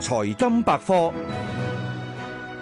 財金百科。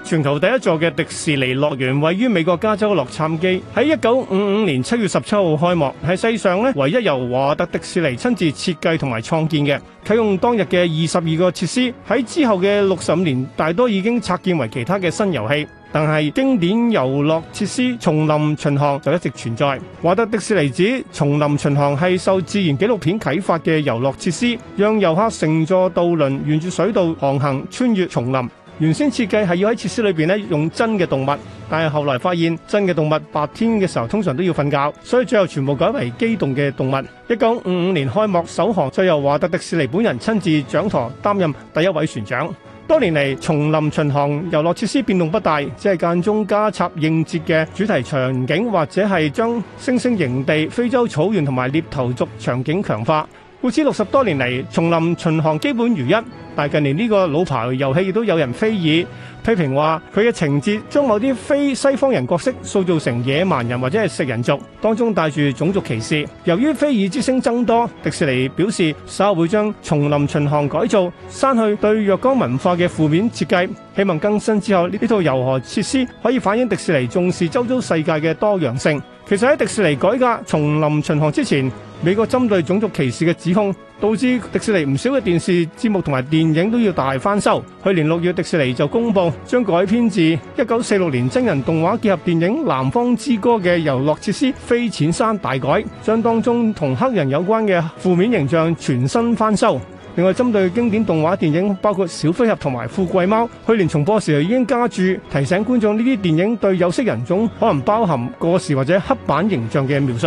全球第一座嘅迪士尼樂園位於美國加州洛杉磯，喺一九五五年七月十七號開幕，係世上呢，唯一由華特迪士尼親自設計同埋創建嘅。啟用當日嘅二十二個設施，喺之後嘅六十五年，大多已經拆建為其他嘅新遊戲，但係經典遊樂設施叢林巡航就一直存在。華特迪士尼指叢林巡航係受自然紀錄片啟發嘅遊樂設施，讓遊客乘坐渡輪沿住水道航行，穿越叢林。原先設計係要喺設施裏邊用真嘅動物，但係後來發現真嘅動物白天嘅時候通常都要瞓覺，所以最後全部改為機動嘅動物。一九五五年開幕首航，再由華特迪士尼本人親自掌舵擔任第一位船長。多年嚟，叢林巡航遊樂設施變動不大，只係間中加插應節嘅主題場景，或者係將猩猩營地、非洲草原同埋獵頭族場景強化。故此，六十多年嚟，叢林巡航基本如一。但近年呢個老牌遊戲亦都有人非議，批評話佢嘅情節將某啲非西方人角色塑造成野蠻人或者係食人族，當中帶住種族歧視。由於非議之聲增多，迪士尼表示稍後會將《叢林巡航》改造，刪去對若干文化嘅負面設計。希望更新之後呢套遊河設施可以反映迪士尼重視周遭世界嘅多樣性。其實喺迪士尼改革《叢林巡航》之前，美國針對種族歧視嘅指控，導致迪士尼唔少嘅電視節目同埋電視電影都要大翻修。去年六月，迪士尼就公布將改編自一九四六年真人動畫結合電影《南方之歌》嘅遊樂設施飛濺山大改，將當中同黑人有關嘅負面形象全新翻修。另外，針對經典動畫電影，包括《小飛俠》同埋《富貴貓》，去年重播時就已經加注提醒觀眾，呢啲電影對有色人種可能包含過時或者刻板形象嘅描述。